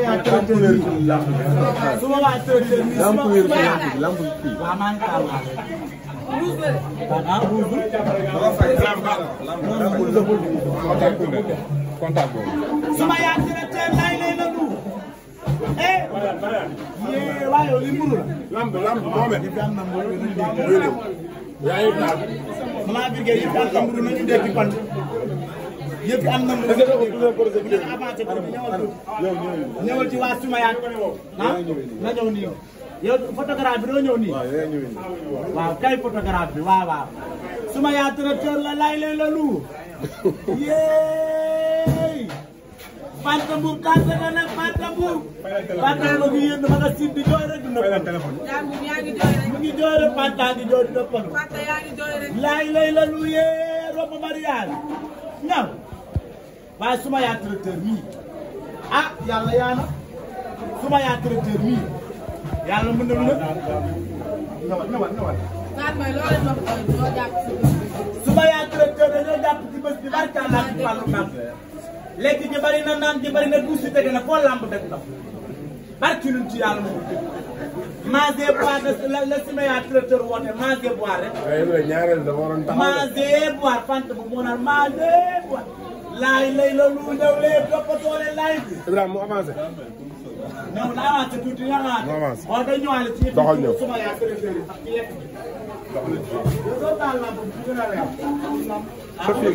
lamp weer tuuti lamp bi. lamp weer tuuti lamp bi. waaw maa ngi taal maa ngi. contact boobu. sama yëpp am na mu ngeen avancé tuuti ñëwal tuuti ñëwal ci waa Soumayane ah na ñëw nii yow photographe bi doo ñëw nii waaw kay photographe bi waaw waaw Soumayane tracteur la lay lay la lu yéey Fanta Mbour kàddu na nag Fanta Mbour ma ngi yéen ma nga siit di jooy rek dina mu ngi jooy rek Fanta ngi jooy waaye suma yaa tracteur mii ah yàlla yaa na suma yaa tracteur mii yàlla mën na lu la ñëwal suma yaa tracteur dañoo jàpp ci bés bi barkaalaat ci wàllu màgg lekk ji na naan ji bari na duus si tege na foo làmb def ndox barki nun ci yàlla moom Maazé Boire la la sima yaa tracteur woote Maazé Boire rek. waaye ñaareel dafa waroon taxaw Maazé Boire fant bu mu naan laa lay la lu ñëw lee toppatoo leen laay bi. Ibrahima mu avancé. ñëw na avancé tuuti na avancé. mu avancé xool ba ñëwaale ci. doxal ñëw suma yaa préféré laa bëgg bu gën a leer. sa fii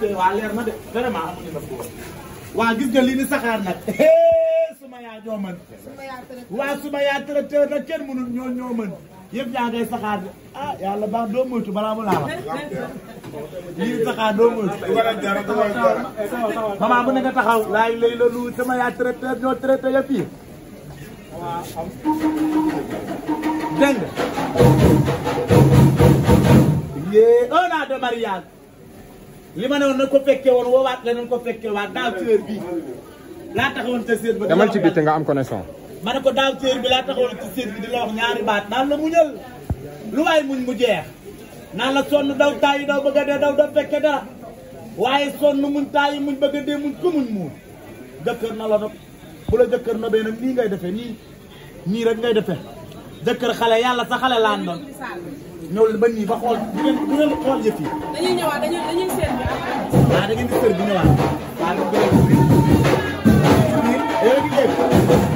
de waa vraiment waa gis nga lii ni saxaar nag. suma yaa ñoo waa suma yaa tracteur nag kenn mënul ñoo ñoo yëpp yaa ngay saxaar de ah yàlla baax doo moytu balaa mu laa wax lii saxaar doo moytu. maman mu ne nga taxaw. laay lay la lu sama yaa traité ñoo traité yëpp yi. dégg yee un de mariage. li ma ne woon na ko fekkee woon woowaat la nañ ko fekkee waat daaw ci heure bii laa taxawoon te seen ba. demal ci biir te nga am connaissance. ma ko daaw séer bi laa taxawal ci séer bi di la wax ñaari baat naan la muñal lu waay muñ mu jeex naan la sonn daw taayi daw bëgg a dee daw da fekke dara waaye sonn muñ taayi muñ bëgg a dee muñ ku muñ jëkkër na la nopp bu la jëkkër nobee nag nii ngay defee nii nii rek ngay defee jëkkër xale yàlla sa xale laan doon ñëw ba nii ba xool di ngeen di ngeen xool yëf yi. di seet bi ñëwaat bi.